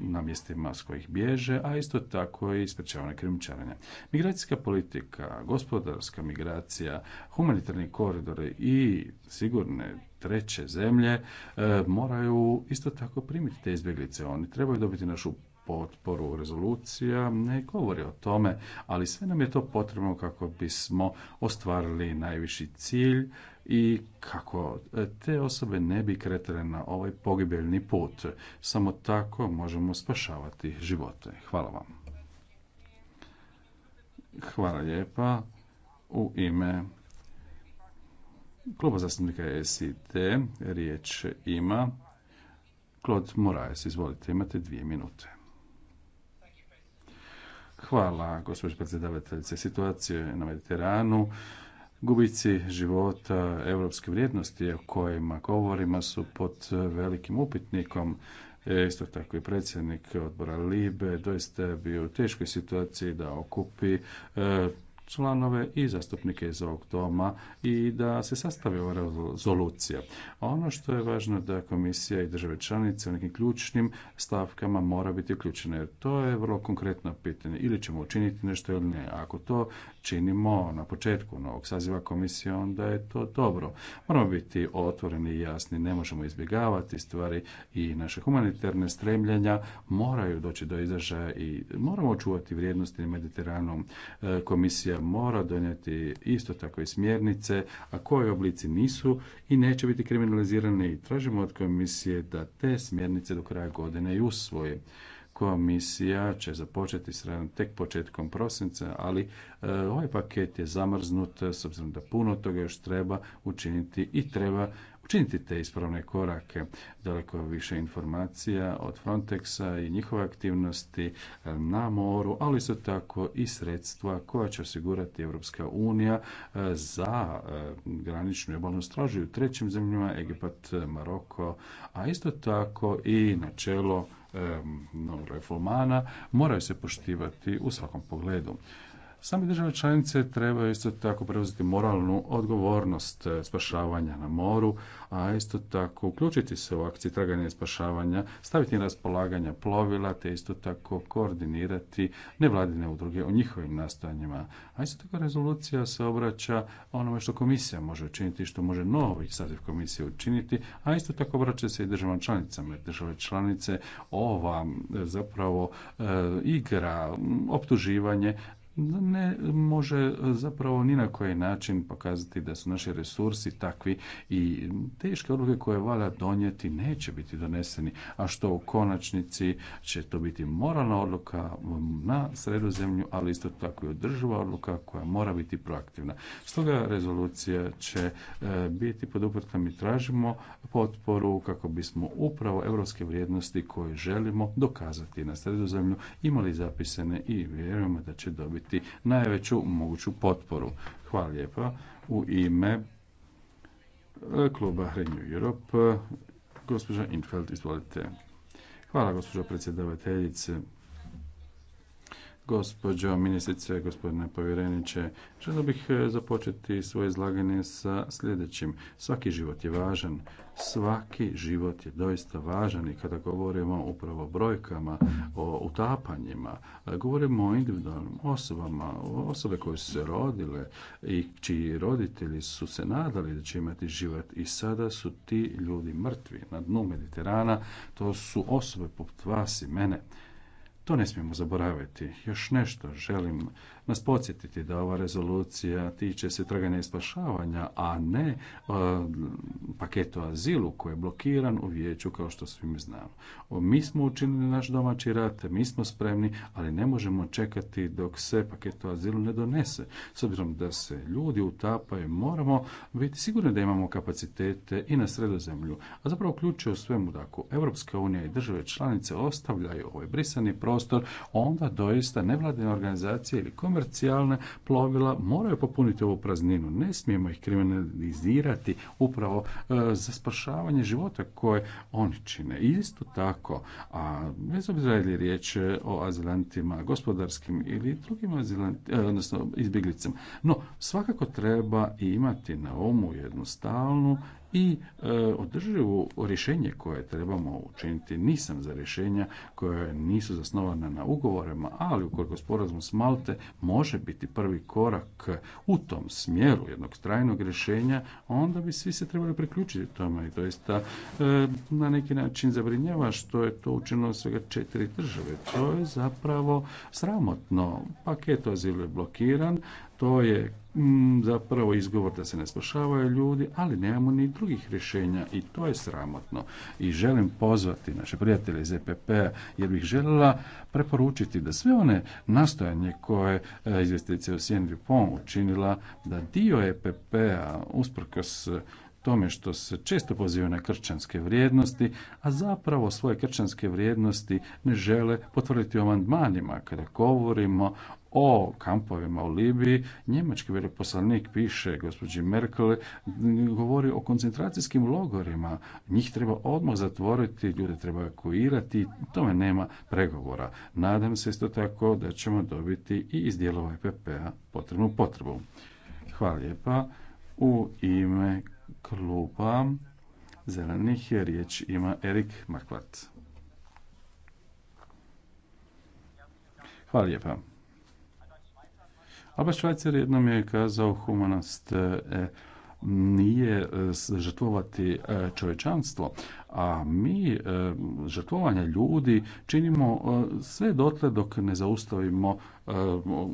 na mjestima s kojih bježe, a isto tako i sprečavanje krijumčarenja. Migracijska politika, gospodarska migracija, humanitarni koridori i sigurne treće zemlje e, moraju isto tako primiti te izbjeglice. Oni trebaju dobiti našu potporu rezolucija ne govori o tome, ali sve nam je to potrebno kako bismo ostvarili najviši cilj i kako e, te osobe ne bi kretale na ovaj pogibeljni put. Samo tako možemo spašavati živote. Hvala vam. Hvala lijepa. U ime kluba zastupnika SIT riječ ima Claude Moraes. Izvolite, imate dvije minute. Hvala, gospođo predsjedavateljice. situacije na Mediteranu gubici života europske vrijednosti o kojima govorimo su pod velikim upitnikom. E, isto tako i predsjednik odbora Libe doista je bio u teškoj situaciji da okupi e, članove i zastupnike iz ovog doma i da se sastavi ova rezolucija. Ono što je važno da komisija i države članice u nekim ključnim stavkama mora biti uključene, to je vrlo konkretno pitanje. Ili ćemo učiniti nešto ili ne. Ako to činimo na početku novog saziva komisije, onda je to dobro. Moramo biti otvoreni i jasni, ne možemo izbjegavati stvari i naše humanitarne stremljenja moraju doći do izražaja i moramo očuvati vrijednosti na Mediteranom. E, komisija mora donijeti isto tako i smjernice, a koje oblici nisu i neće biti kriminalizirane. i tražimo od komisije da te smjernice do kraja godine i usvoje. Komisija će započeti s radom tek početkom prosinca, ali e, ovaj paket je zamrznut s obzirom da puno toga još treba učiniti i treba činiti te ispravne korake. Daleko više informacija od Frontexa i njihove aktivnosti eh, na moru, ali isto tako i sredstva koja će osigurati Europska unija eh, za eh, graničnu obalnu stražu u trećim zemljama, Egipat, Maroko, a isto tako i načelo reformana moraju se poštivati u svakom pogledu. Same države članice trebaju isto tako preuzeti moralnu odgovornost eh, spašavanja na moru, a isto tako uključiti se u akciji traganja i spašavanja, staviti na raspolaganje plovila, te isto tako koordinirati nevladine udruge u njihovim nastojanjima. A isto tako rezolucija se obraća onome što komisija može učiniti, što može novi saziv komisije učiniti, a isto tako obraća se i državama članicama. Države članice ova eh, zapravo eh, igra optuživanje ne može zapravo ni na koji način pokazati da su naši resursi takvi i teške odluke koje valja donijeti neće biti doneseni, a što u konačnici će to biti moralna odluka na sredozemlju, ali isto tako i održiva odluka koja mora biti proaktivna. Stoga rezolucija će e, biti uprtom i tražimo potporu kako bismo upravo europske vrijednosti koje želimo dokazati na sredozemlju imali zapisane i vjerujemo da će dobiti najveću moguću potporu. Hvala lijepa. U ime e, kluba Renew Europe, e, gospođa Infeld, izvolite. Hvala gospođo predsjedavateljice. Gospođo ministrice, gospodine povjereniče, želio bih e, započeti svoje izlaganje sa sljedećim. Svaki život je važan. Svaki život je doista važan i kada govorimo upravo o brojkama, o utapanjima, govorimo o individualnim osobama, osobe koje su se rodile i čiji roditelji su se nadali da će imati život i sada su ti ljudi mrtvi na dnu Mediterana. To su osobe poput vas i mene to ne smijemo zaboraviti. Još nešto želim nas podsjetiti da ova rezolucija tiče se traganja i spašavanja, a ne uh, paketu azilu koji je blokiran u vijeću kao što svi mi znamo. mi smo učinili naš domaći rat, mi smo spremni, ali ne možemo čekati dok se paket azilu ne donese. S obzirom da se ljudi utapaju, moramo biti sigurni da imamo kapacitete i na sredozemlju. A zapravo ključ je u svemu, dakle, Evropska unija i države članice ostavljaju ovaj brisani prostor prostor, onda doista nevladine organizacije ili komercijalne plovila moraju popuniti ovu prazninu. Ne smijemo ih kriminalizirati upravo e, za spašavanje života koje oni čine. Isto tako, a bez obzira je riječ o azilantima, gospodarskim ili drugim azilantima, e, odnosno izbjeglicama. No, svakako treba imati na omu jednu stalnu i e, održivo rješenje koje trebamo učiniti. Nisam za rješenja koje nisu zasnovana na ugovorima, ali ukoliko sporazum s Malte može biti prvi korak u tom smjeru jednog trajnog rješenja, onda bi svi se trebali priključiti tome i doista e, na neki način zabrinjava što je to učinilo svega četiri države. To je zapravo sramotno. Paket azil je blokiran, to je mm, zapravo izgovor da se ne spašavaju ljudi, ali nemamo ni drugih rješenja i to je sramotno. I želim pozvati naše prijatelje iz EPP-a jer bih željela preporučiti da sve one nastojanje koje e, u sien Dupont učinila da dio EPP-a usprkos eh, tome što se često pozivaju na krčanske vrijednosti, a zapravo svoje kršćanske vrijednosti ne žele potvrditi o amandmanima kada govorimo o kampovima u Libiji, njemački veleposlanik piše gospođi Merkel, govori o koncentracijskim logorima. Njih treba odmah zatvoriti, ljude treba evakuirati, tome nema pregovora. Nadam se isto tako da ćemo dobiti i iz dijelova EPP-a potrebnu potrebu. Hvala lijepa. U ime kluba zelenih je riječ ima Erik Maklat. Hvala lijepa baš Švajcer jednom je kazao humanost e, nije e, žrtvovati e, čovječanstvo, a mi žrtvovanje ljudi činimo sve dotle dok ne zaustavimo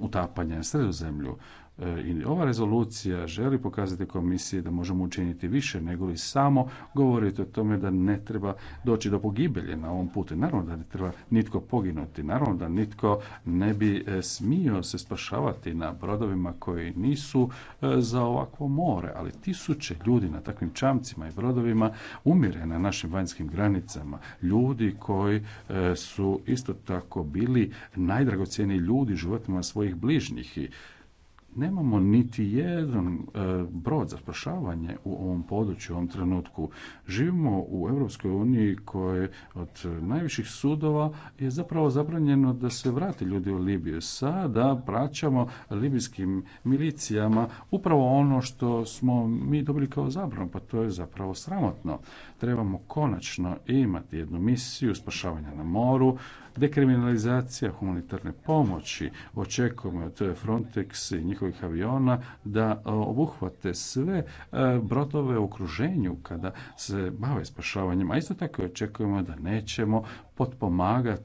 utapanje na zemlju. E, I ova rezolucija želi pokazati komisiji da možemo učiniti više nego li samo govoriti o tome da ne treba doći do pogibelje na ovom putu. Naravno da ne treba nitko poginuti, naravno da nitko ne bi e, smio se spašavati na brodovima koji nisu e, za ovakvo more, ali tisuće ljudi na takvim čamcima i brodovima umire na našim vanjskim granicama. Ljudi koji su isto tako bili najdragocjeniji ljudi životima svojih bližnjih i Nemamo niti jedan e, brod za spašavanje u ovom području u ovom trenutku. Živimo u Europskoj uniji koje od najviših sudova je zapravo zabranjeno da se vrati ljudi u Libiju. Sada praćamo libijskim milicijama upravo ono što smo mi dobili kao zabranu, pa to je zapravo sramotno. Trebamo konačno imati jednu misiju spašavanja na moru, Dekriminalizacija humanitarne pomoći očekujemo je Frontex i njihovih aviona da obuhvate sve e, brodove u okruženju kada se bave spašavanjem, a isto tako očekujemo da nećemo potpomagati